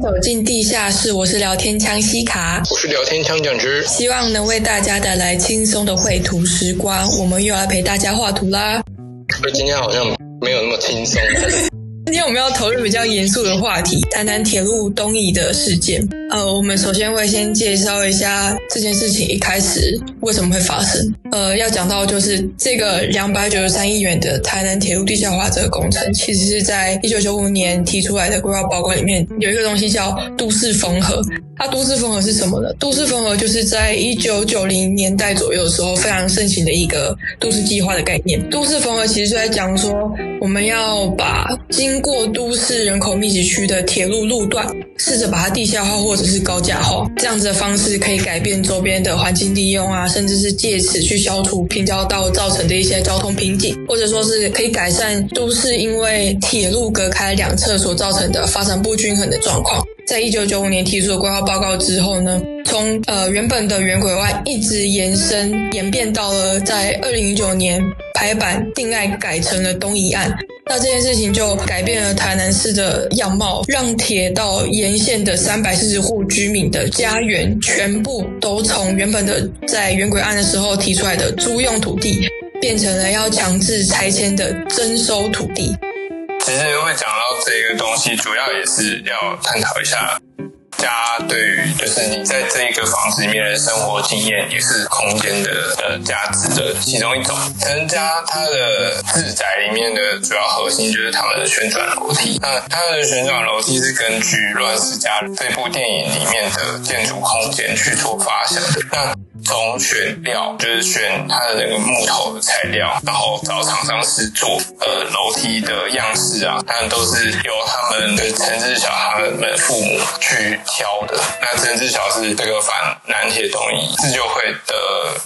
走進地下室，我是聊天槍西卡，我是聊天槍醬汁，希望能為大家帶來輕鬆的繪圖時光。我們又來陪大家畫圖啦。今天好像沒有那麼輕鬆。 今天我們要投入比較嚴肅的話題，談談台南鐵路東移的事件。呃，我們首先會先介紹一下這件事情一開始為什麼會發生。呃，要講到就是這個兩百九十三億元的台南鐵路地下化這個工程，其實是在一九九五年提出來的規劃報告裡面有一個東西叫都市縫合。它、啊、都市縫合是什麼呢？都市縫合就是在一九九零年代左右的時候非常盛行的一個都市計劃的概念。都市縫合其實是在講說我們要把經過都市人口密集區的鐵路路段，試着把它地下化或者是高架化，這樣子的方式可以改變周邊的環境利用啊，甚至是借此去消除平交道造成的一些交通瓶頸，或者說是可以改善都市因為鐵路隔開兩側所造成的發展不均衡的狀況。在一九九五年提出的規劃報告之後呢，從呃原本的原軌外一直延伸演變到了在二零一九年拍板定案改成了東移案。那這件事情就改變了台南市的樣貌，讓鐵道沿線的三百四十戶居民的家園，全部都從原本的在原軌案的時候提出來的租用土地，變成了要強制拆遷的徵收土地。其實會講到這個東西，主要也是要探討一下，家對於就是你在這一個房子裡面的生活經驗，也是空間的呃價值的其中一種。陳家他的自宅裡面的主要核心就是他們的旋轉樓梯，那他的旋轉樓梯是根據《亂世佳人》這部電影裡面的建築空間去做發想的。那從選料就是選他的那個木頭的材料，然後找廠商試做呃樓梯的樣式啊，但都是由他們的陳致曉他們的父母去挑的。那陳致曉是這個反南鐵東移自救會的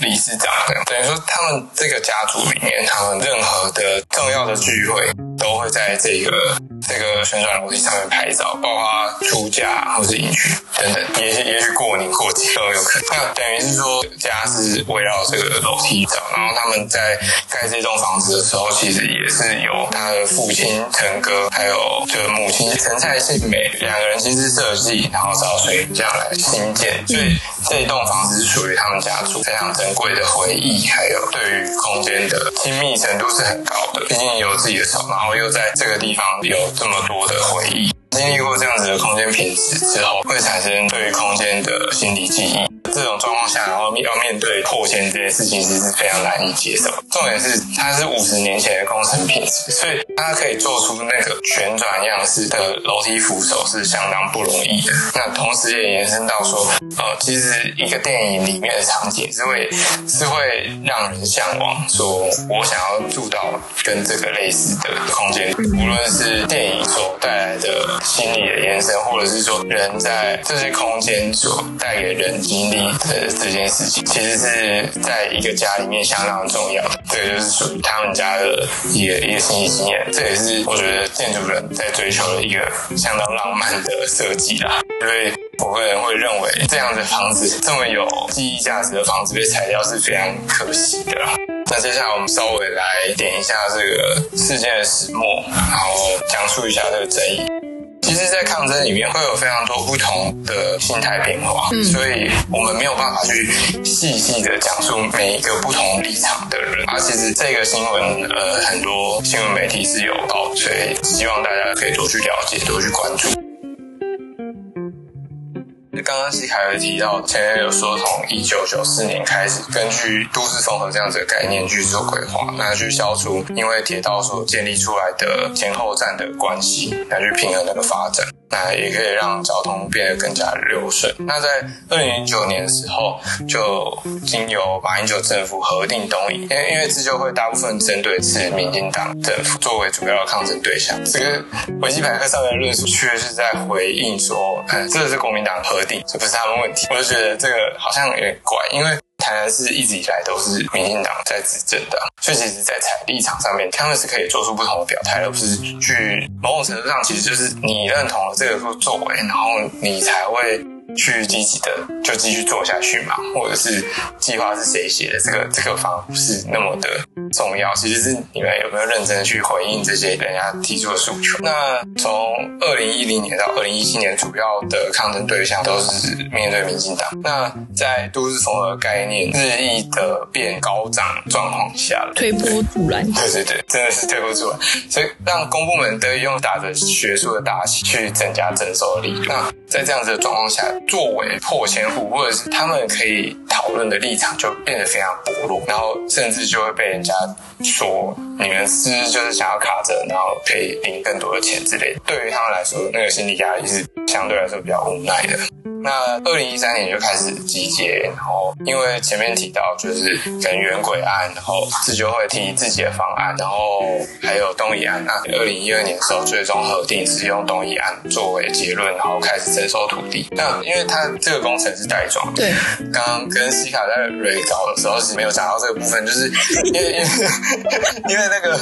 理事長，等於說他們這個家族裡面，他們任何的重要的聚會都會在這個。這個旋轉樓梯上面拍照，包括他出嫁，或者是迎娶等等，也許也許過年過節都有可能。那等於是說，家是圍繞這個樓梯走。然後他們在蓋這棟房子的時候，其實也是有他的父親陳哥，還有就是母親陳蔡杏美兩個人親自設計，然後找水匠來興建。所以這一棟房子是屬於他們家族非常珍貴的回憶，還有對於空間的親密程度是很高的。畢竟有自己的手，然後又在這個地方有這麼多的回憶，經歷過這樣子的空間品質之後，會產生對空間的心理記憶。這種狀況下，然後要面對迫遷這些事情，其實是非常難以接受。重點是，它是五十年前的工程品質，所以它可以做出那個旋轉樣式的樓梯扶手是相當不容易的。那同時也延伸到說，呃，其實一個電影裡面的場景，是會是會讓人向往，說我想要住到跟這個類似的空間。無論是電影所帶來的心理的延伸，或者是說人在這些空間所帶給人經歷。對，這件事情，其實是在一個家裡面相當重要的，這就是屬於他們家的一個一個設計經驗。這也是我覺得建築人在追求的一個相當浪漫的設計啦。因為我個人會認為，這樣的房子，這麼有記憶價值的房子被拆掉是非常可惜的啦。那接下來我們稍微來點一下這個事件的始末，然後講述一下這個爭議。其實，在抗爭裡面會有非常多不同的心態變化，嗯，所以我們沒有辦法去細細的講述每一個不同立場的人。啊，其實這個新聞，呃，很多新聞媒體是有報，所以希望大家可以多去了解，多去關注。剛剛西凱爾提到，前面有說從一九九四年開始，根據都市縫合這樣子的概念去做規劃，那去消除因為鐵道所建立出來的前後站的關係，來去平衡那個發展。那也可以讓交通變得更加的流水。那在二零零九年的時候，就經由馬英九政府核定東移，因為因為自救會大部分針對是民進黨政府作為主要的抗爭對象。這個維基百科上面論述確實是在回應說，哎、欸，這是國民黨核定，這不是他們問題。我就覺得這個好像有點怪，因為。台南是一直以來都是民進黨在執政的，所以其實，在台立場上面，他們是可以做出不同的表態而不是去某種程度上，其實就是你認同了這個做作為，然後你才會。去積極的就繼續做下去嘛，或者是計劃是誰寫的，這個，這個這個方不是那麼的重要，其實是你們有沒有認真去回應這些人家提出的訴求？那從二零一零年到二零一七年，主要的抗爭對象都是面對民進黨。那在都市縫合的概念日益的變高漲狀況下，對推波助瀾。對對對，真的是推波助瀾，所以讓公部門得以用打着學術的大旗去增加徵收的力。那在這樣子的狀況下。作為迫遷戶，或者是他們可以討論的立場就變得非常薄弱，然後甚至就會被人家說，你們是，是就是想要卡着，然後可以領更多的錢之類的。對於他們來說，那個心理壓力是相對來說比較無奈的。那二零一三年就開始集結，然後因為前面提到就是跟原軌案，然後自救會提自己的方案，然後還有東移案。那二零一二年的時候，最終核定是用東移案作為結論，然後開始徵收土地。那因為它這個工程是袋裝，對，剛剛跟西卡在 report 的時候是沒有講到這個部分，就是因為因為 因為那個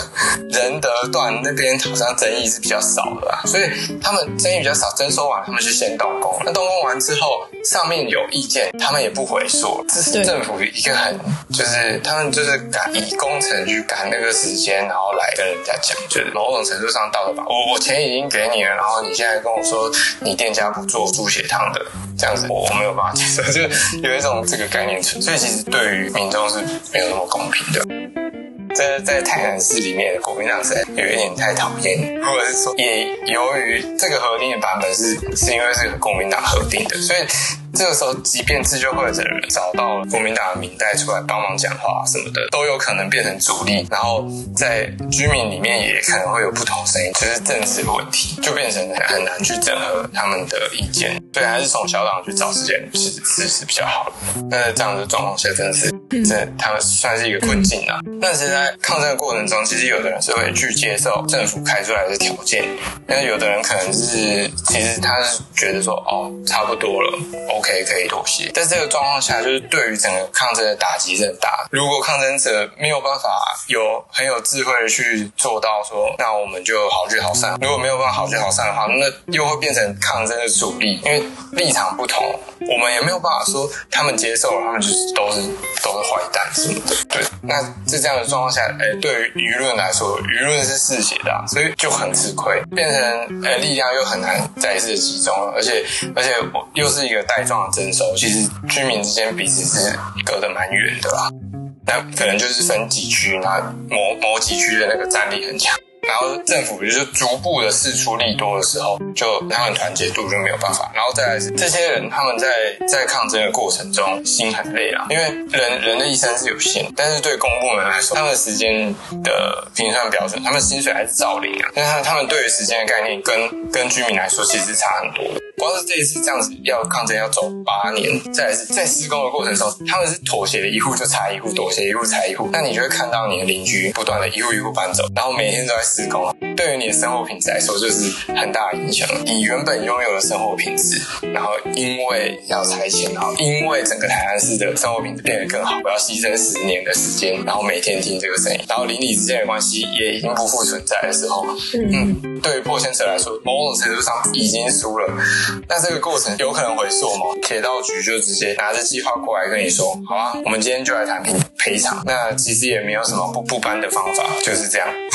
仁德段那邊好像爭議是比較少的，所以他們爭議比較少，徵收完他們是先動工，那動工完之。然後上面有意見，他們也不回說，這是政府一個很就是對、就是、他們就是敢以工程去趕那個時間，然後來跟人家講，就是某種程度上道德綁架。我我錢已經給你了，然後你現在跟我說你店家不做豬血湯的這樣子，我我沒有辦法接受，就有一種這個概念存在，所以其實對於民眾是沒有那麼公平的。在在台南市裡面，國民黨是有一點太討厭。或者是說，也由於這個核定的版本是是因為是國民黨核定的。所以。這個時候，即便自救會的人找到國民黨的民代出來幫忙講話什麼的，都有可能變成阻力。然後，在居民裡面也可能會有不同聲音，就是政治的問題，就變成很難去整合他們的意見。對，還是從小黨去找時間，是支持比較好的。那這樣子狀況下真，真的是這他們算是一個困境啊。但是在抗戰的過程中，其實有的人是會去接受政府開出來的條件，那有的人可能是其實他是覺得說，哦，差不多了，O。OK 可以可以妥協，在這個狀況下，就是對於整個抗爭的打擊是很大的。如果抗爭者沒有辦法有很有智慧的去做到說，那我們就好聚好散。如果沒有辦法好聚好散的話，那又會變成抗爭的阻力，因為立場不同，我們也沒有辦法說他們接受了，他們就是都是都是壞蛋什麼的。對，那在這，這樣的狀況下，對於輿論來說，輿論是嗜血的、啊，所以就很吃虧，變成呃、欸、力量又很難再一次的集中了，而且而且我又是一個帶。徵收其實居民之間彼此是隔得蠻遠的啦，那可能就是分幾區，那某某幾區的那個戰力很強，然後政府就是逐步的釋出利多的時候，就他們團結度就沒有辦法。然後再來是這些人他們在在抗爭的過程中心很累啊，因為人人的一生是有限，但是對公部門來說，他們時間的評算標準，他們薪水還是照領啊，但是他們對於時間的概念跟跟居民來說其實是差很多的。光是這一次這樣子要抗爭要走八年，再來在施工的過程中，他們是妥協的一戶就拆一戶，妥協一戶拆一戶。那你就會看到你的鄰居不斷的，一戶一戶搬走，然後每天都在施工，對於你的生活品質來說，就是很大的影響了。你原本擁有的生活品質，然後因為要拆遷，然後因為整個台南市的生活品質變得更好，我要犧牲十年的時間，然後每天聽這個聲音，然後鄰里之間的關係也已經不復存在的時候，是嗯，對於迫遷者來說，某種程度上已經輸了。那這個過程有可能回溯嗎？鐵道局就直接拿着計劃過來跟你說，好啊，我們今天就來談賠賠償。那其實也沒有什麼不不搬的方法，就是這樣。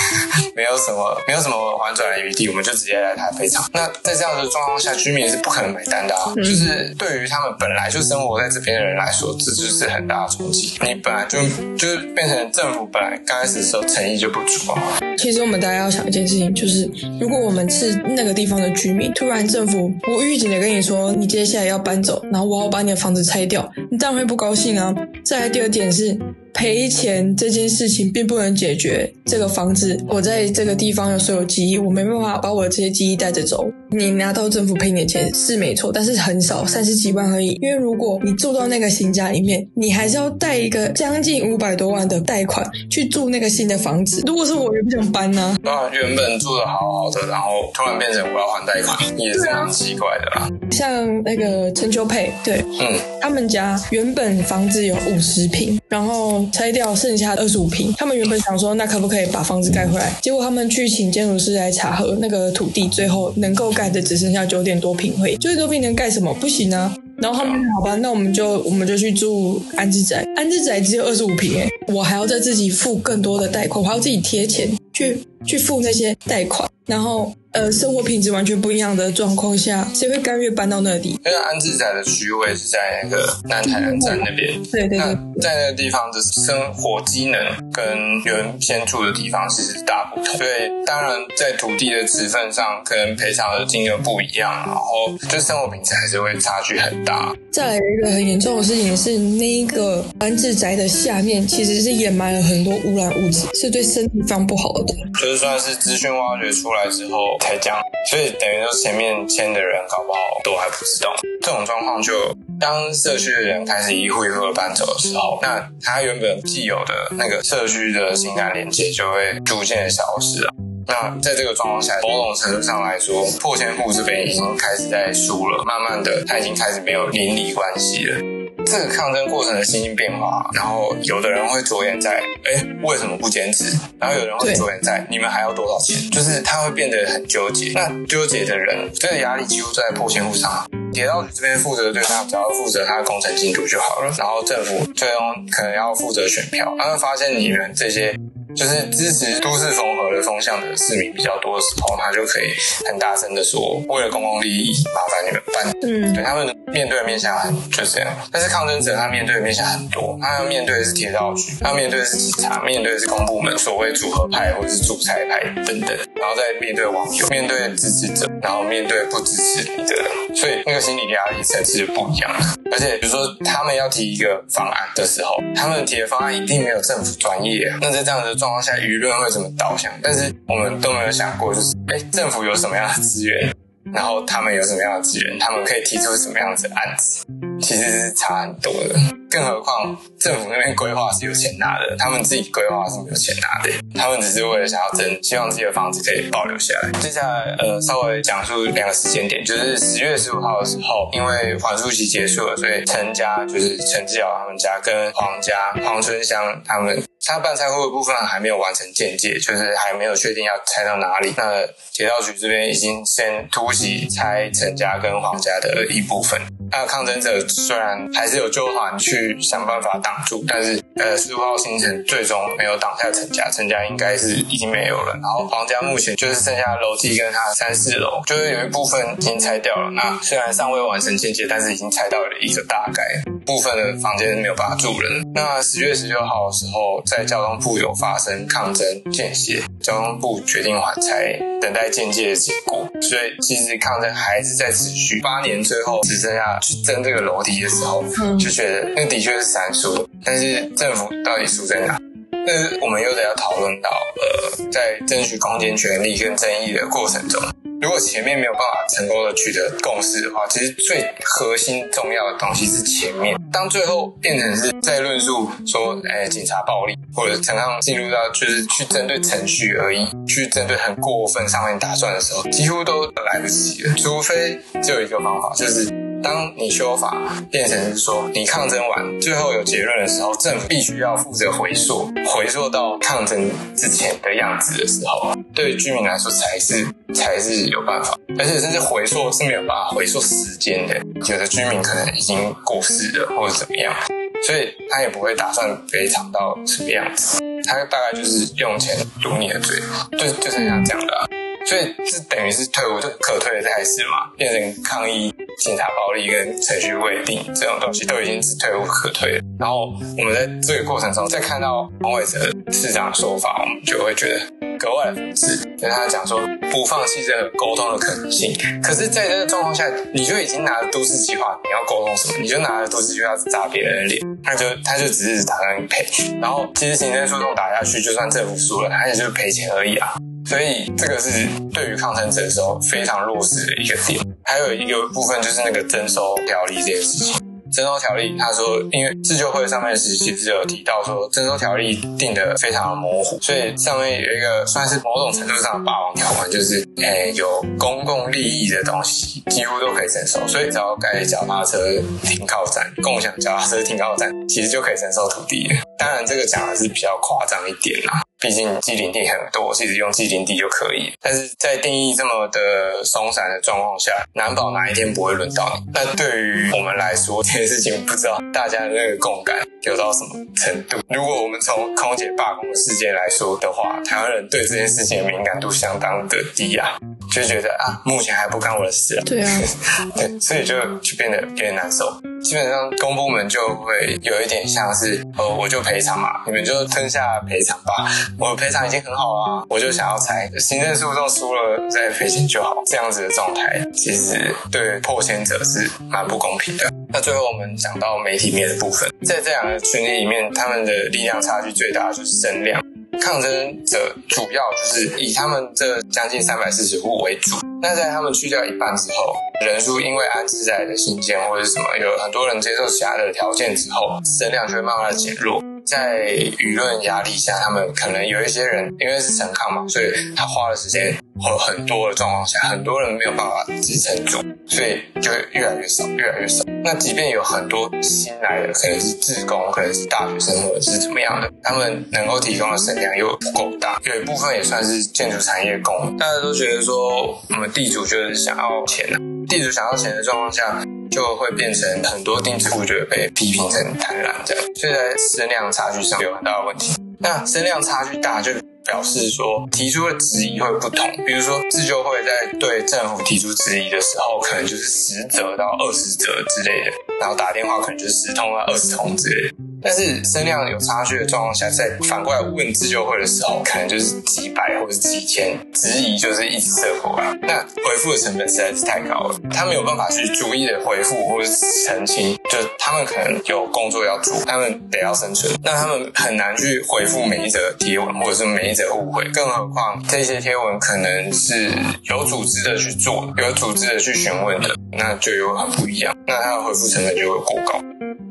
沒有什麼，沒有什麼緩轉的餘地，我們就直接來談賠償。那在這樣的狀況下，居民是不可能買單的。啊。嗯、就是對於他們本來就生活在這邊的人來說，這就是很大的衝擊。你本來就就是變成政府本來剛開始的時候誠意就不足、啊。其實我們大家要想一件事情，就是如果我們是那個地方的居民，突然政府無預警的跟你說，你接下來要搬走，然後我要把你的房子拆掉，你當然會不高興啊。再來第二點是。賠錢這件事情並不能解決這個房子，我在這個地方的所有記憶，我沒辦法把我的這些記憶帶着走。你拿到政府賠你的錢是沒錯，但是很少，三十幾萬而已。因為如果你住到那個新家裡面，你還是要貸一個將近五百多萬的貸款去住那個新的房子。如果是我也不想搬呢？那、啊、原本住的好好的，然後突然變成我要還貸款，也是非常奇怪的啦。啊、像那個陳秋佩，對，嗯，他們家原本房子有五十坪，然後拆掉剩下二十五坪，他們原本想說那可不可以把房子蓋回來？結果他們去請建築師來查核那個土地，最後能夠。蓋的只剩下九點多平，會九點多平能蓋什麼？不行啊！然後他們好吧，那我們就我們就去住安置宅，安置宅只有二十五平，哎，我還要再自己付更多的貸款，我還要自己貼錢。”去去付那些貸款，然後呃，生活品質完全不一樣的狀況下，誰會甘願搬到那裡？那個安置宅的區位是在那個南台南站那邊，對對對、對。在那個地方的生活機能跟原先住的地方其實是大不同。對，當然在土地的尺寸上，可能賠償的金額不一樣，然後就生活品質還是會差距很大。再來一個很嚴重的事情是，那一個安置宅的下面其實是掩埋了很多污染物質，是對身體非常不好的。就是算是資訊挖掘出來之後才這樣。所以等於說前面簽的人搞不好都還不知道。這種狀況，就當社區的人開始一戶一戶搬走的時候，那他原本既有的那個社區的情感連接就會逐漸消失了。那在這個狀況下，某種程度上來說，迫遷戶這邊已經開始在輸了，慢慢的他已經開始沒有鄰里關係了。這個抗爭過程的心情變化，然後有的人會着眼在，哎，為什麼不堅持？然後有人會着眼在，對你們還要多少錢？就是他會變得很糾結。那糾結的人，這個壓力幾乎在迫遷戶上。鐵道這邊負責對他，對方只要負責他的工程進度就好了。然後政府最終可能要負責選票，他會發現你們這些。就是支持都市縫合的風向的市民比較多的時候，他就可以很大聲的說：“為了公共利益，麻煩你們辦。”嗯，對他們面對的面向很，就是、這樣。但是抗爭者他面對的面向很多，他要面對的是鐵道局，他要面對的是警察，面對的是公部門，所謂組合派或者是主裁派等等，然後再面對網友，面對的支持者，然後面對不支持你的人，所以那個心理壓力層次就不一樣。而且比如說他們要提一個方案的時候，他們提的方案一定沒有政府專業、啊，那在這樣的。狀況下，輿論會怎麼導向？但是我們都沒有想過，就是，哎、欸，政府有什麼樣的資源，然後他們有什麼樣的資源，他們可以提出什麼樣子的案子，其實是差很多的。更何況政府那邊規劃是有錢拿的，他們自己規劃是沒有錢拿的，他們只是為了想要爭，希望自己的房子可以保留下來。接下來呃，稍微講述兩個時間點，就是十月十五號的時候，因為還書期結束了，所以陳家就是陳致曉他們家跟黃家黃春香他們，他半拆戶的部分還沒有完成鑑界，就是還沒有確定要拆到哪裡。那鐵道局這邊已經先突襲拆陳家跟黃家的一部分，那抗爭者雖然還是有救還去，去想辦法擋住，但是呃，十五號新城最終沒有擋下陳家，陳家應該是已經沒有了。然後黃家目前就是剩下樓梯跟他的三四樓，就是有一部分已經拆掉了。那雖然尚未完成建接，但是已經拆到了一個大概了。部分的房間沒有辦法住人。那十月十六號的時候，在交通部有發生抗爭間歇，交通部決定緩拆，等待間歇的結果。所以其實抗爭還是在持續。八年最後只剩下去爭這個樓梯的時候，就覺得那的確是三輸。但是政府到底輸在哪？那我們又得要討論到呃，在爭取空間權利跟爭議的過程中。如果前面沒有辦法成功的取得共識的話，其實最核心重要的東西是前面。當最後變成是在論述說，哎、欸，警察暴力或者怎樣進入到就是去針對程序而已，去針對很過分上面打算的時候，幾乎都來不及了。除非只有一個方法，就是。當你修法變成說，你抗爭完最後有結論的時候，政府必須要負責回溯，回溯到抗爭之前的樣子的時候，對居民來說才是才是有辦法。而且甚至回溯是沒有辦法回溯時間的，有的居民可能已經過世了或者怎麼樣，所以他也不會打算賠償到什麼樣子，他大概就是用錢堵你的嘴，就就像這樣講的啊。所以這等於是退無可退的態勢嘛，變成抗議、警察暴力跟程序未定這種東西都已經只退無可退了。然後我們在這個過程中，再看到黃偉哲市長的說法，我們就會覺得。格外的諷刺，跟、就是、他講說不放棄這個溝通的可能性。可是在這個狀況下，你就已經拿了都市計劃，你要溝通什麼？你就拿了都市計劃砸別人的臉，他就他就只是打算賠。然後其實行政訴訟打下去，就算政府輸了，他也就是賠錢而已啊。所以這個是對於抗爭者的時候非常弱勢的一個點。還有一個部分就是那個徵收條例這件事情。徵收條例，他說，因為自救會上面是其實就有提到說，徵收條例定得非常的模糊，所以上面有一個算是某種程度上的霸王條款，就是誒、欸、有公共利益的東西幾乎都可以徵收，所以只要蓋腳踏車停靠站、共享腳踏車停靠站，其實就可以徵收土地。當然這個講的是比較誇張一點啦。畢竟畸零地很多，我其實用畸零地就可以。但是在定義這麼的鬆散的狀況下，難保哪一天不會輪到你。但對於我們來說，這件事情不知道大家的那個共感有到什麼程度。如果我們從空姐罷工的事件來說的話，台灣人對這件事情的敏感度相當的低啊，就覺得啊，目前還不干我的事啊。對啊 對，所以就就變得有點難受。基本上公部門就會有一點像是，呃，我就賠償嘛，你們就吞下賠償吧。我的賠償已經很好了，啊，我就想要拆行政訴訟輸了再賠錢就好。這樣子的狀態，其實對迫遷者是蠻不公平的。那最後我們講到媒體面的部分，在這兩個群體裡面，他們的力量差距最大的就是聲量。抗爭者主要就是以他們這將近三百四十戶為主。那在他們去掉一半之後，人數因為安置在的新建或者是什麼，有很多人接受其他的條件之後，聲量就會慢慢的減弱。在輿論壓力下，他們可能有一些人，因為是陳抗嘛，所以他花了時間和很多的狀況下，很多人沒有辦法支撐住，所以就越來越少，越來越少。那即便有很多新來的，可能是志工，可能是大學生或者是怎麼樣的，他們能夠提供的聲量又不夠大，有一部分也算是建築產業工。大家都覺得說，我們地主就是想要錢了、啊，地主想要錢的狀況下。就會變成很多釘子戶覺得被批評成貪婪這樣，所以在聲量差距上有很大的問題。那聲量差距大，就表示說提出的質疑會不同。比如說，自救會在對政府提出質疑的時候，可能就是十則到二十則之類的，然後打電話可能就是十通到二十通之類的。但是聲量有差距的狀況下，在反過來問自救會的時候，可能就是幾百或者幾千，質疑就是一直口啊。那回覆的成本實在是太高了，他們沒有辦法去逐一的回覆或者澄清，就他們可能有工作要做，他們得要生存，那他們很難去回覆每一則貼文或者是每一則誤會。更何況這些貼文可能是有組織的去做，有組織的去詢問的，那就有很不一樣，那他的回覆成本就會過高。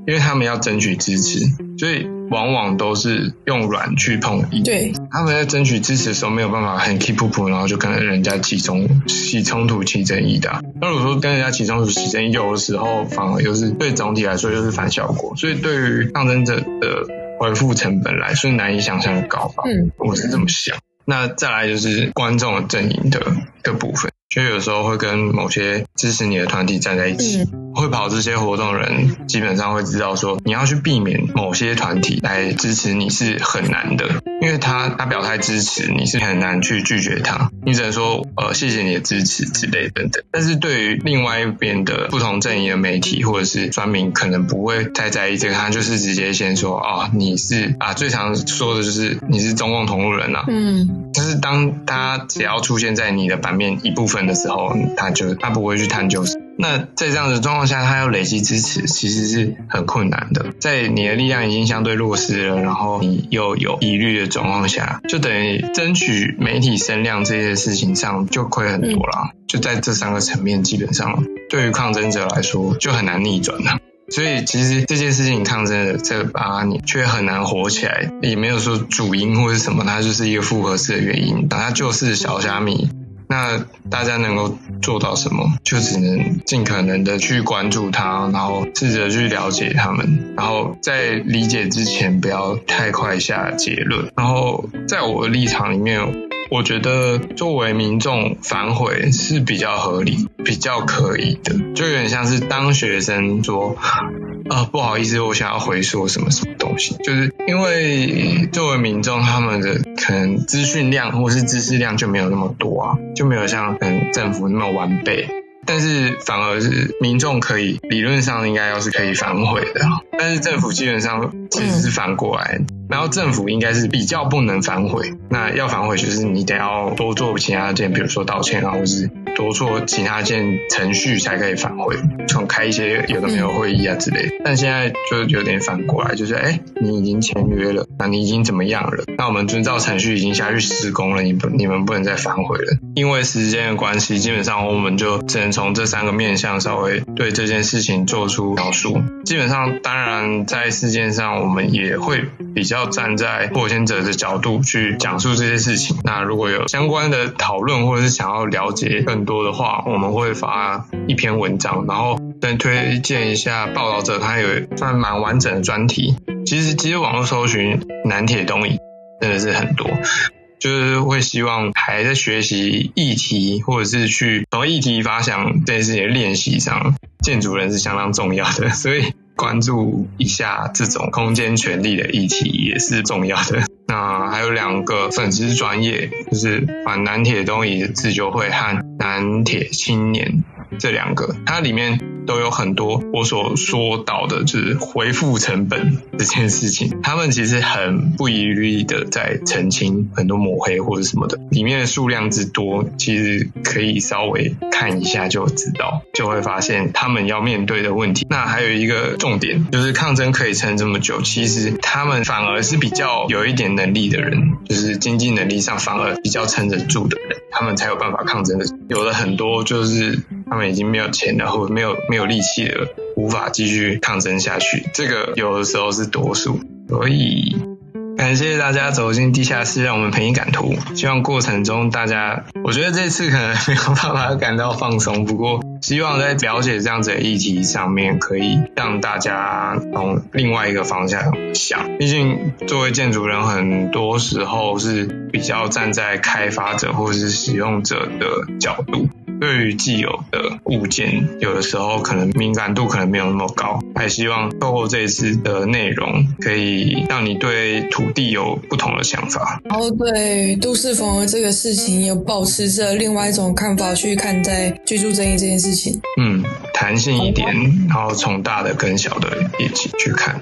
因為他們要爭取支持，所以往往都是用軟去碰硬。對，他們在爭取支持的時候沒有辦法很氣噗噗，然後就跟人家起衝起衝突起爭議的。那如果說跟人家起衝突起爭議，有的時候反而又是對總體來說又是反效果。所以對於抗爭者的回復成本來說，以難以想象的高吧？嗯，我是這麼想。嗯、那再來就是觀眾的陣營的的，的部分。就有時候會跟某些支持你的團體站在一起，嗯、會跑這些活動的人，基本上會知道說，你要去避免某些團體來支持你是很難的。因為他他表態支持，你是很難去拒絕他，你只能說呃謝謝你的支持之類等等。但是對於另外一邊的不同陣營的媒體或者是酸民，可能不會太在意這個，他就是直接先說哦你是啊，最常說的就是你是中共同路人吶、啊，嗯，但是當他只要出現在你的版面一部分的時候，他就他不會去探究。那在這樣的狀況下，他要累積支持，其實是很困難的。在你的力量已經相對弱勢了，然後你又有疑慮的狀況下，就等於爭取媒體聲量這些事情上就虧很多了。嗯、就在這三個層面，基本上對於抗爭者來說就很難逆轉了。所以其實這件事情抗爭的這八年卻很難火起來，也沒有說主因或是什麼，它就是一個複合式的原因。但它就是小蝦米。那大家能夠做到什麼，就只能盡可能的去關注他，然後試着去了解他們，然後在理解之前不要太快下結論。然後在我的立場裡面。我覺得作為民眾反悔是比較合理、比較可以的，就有點像是當學生說，啊、呃、不好意思，我想要回溯什麼什麼東西，就是因為作為民眾他們的可能資訊量或是知識量就沒有那麼多啊，就沒有像嗯政府那麼完備，但是反而是民眾可以理論上應該要是可以反悔的，但是政府基本上其實是反過來。嗯然後政府應該是比較不能反悔，那要反悔就是你得要多做其他件，比如說道歉啊，或者是多做其他件程序才可以反悔，重開一些有的沒有會議啊之類的。但現在就有點反過來，就是哎，你已經簽約了，那你已經怎麼樣了？那我們遵照程序已經下去施工了，你不你們不能再反悔了，因為時間的關係，基本上我們就只能從這三個面向稍微對這件事情做出描述。基本上，當然在事件上我們也會比較。要站在迫遷者的角度去講述這些事情。那如果有相關的討論或者是想要了解更多的話，我們會發一篇文章，然後再推薦一下報道者他有算蠻完整的專題。其實其實網絡搜尋南鐵東移真的是很多，就是會希望還在學習議題，或者是去從議題發想這件事情練習上，建築人是相當重要的，所以。關注一下這種空間權利的議題也是重要的。啊，還有兩個粉絲專頁，就是反南鐵東移自救會和南鐵青年這兩個，它裡面都有很多我所說到的，就是恢復成本這件事情，他們其實很不遺餘力的在澄清很多抹黑或者什麼的，裡面的數量之多，其實可以稍微看一下就知道，就會發現他們要面對的問題。那還有一個重點，就是抗爭可以撐這麼久，其實。他們反而是比較有一點能力的人，就是經濟能力上反而比較撐得住的人，他們才有辦法抗爭的。有了很多就是他們已經沒有錢，然後沒有沒有力氣了，無法繼續抗爭下去。這個有的時候是多數，所以。感謝大家走進地下室，讓我們陪你趕圖。希望過程中大家，我覺得這次可能沒有辦法感到放鬆，不過希望在了解這樣子的議題上面，可以讓大家從另外一個方向想。畢竟作為建築人，很多時候是比較站在開發者或者是使用者的角度。對於既有的物件，有的時候可能敏感度可能沒有那麼高，還希望透過這一次的內容可以讓你對土地有不同的想法，然後、哦、對都市縫合這個事情有保持着另外一種看法去看待居住正義這件事情。嗯，彈性一點，哦、然後從大的跟小的一起去看。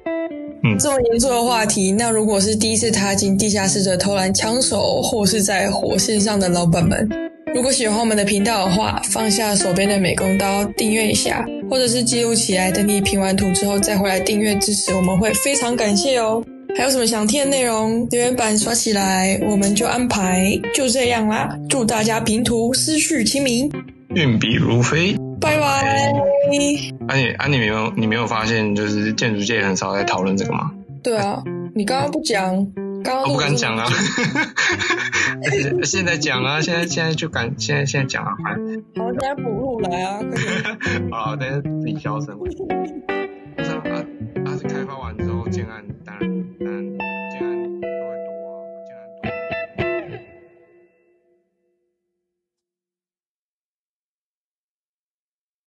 嗯，這麼嚴肅的話題，那如果是第一次踏進地下室的偷懶槍手，或是在火線上的老闆們。如果喜歡我們的頻道的話，放下手邊的美工刀，訂閱一下，或者是記錄起來，等你評完圖之後再回來訂閱支持，我們會非常感謝哦。還有什麼想聽的內容，留言板刷起來，我們就安排。就這樣啦，祝大家評圖思緒清明，運筆如飛，拜拜。安妮、啊，安妮，沒有，你沒有發現，就是建築界很少在討論這個嗎？對啊，你剛剛不講。我、啊、不敢講了、啊，啊、現在講啊，現在現在就敢，現在現在講啊，好，現在補錄了啊，好，啊啊好，等一下自己調整，不是啊，啊，啊，是開發完之後建案。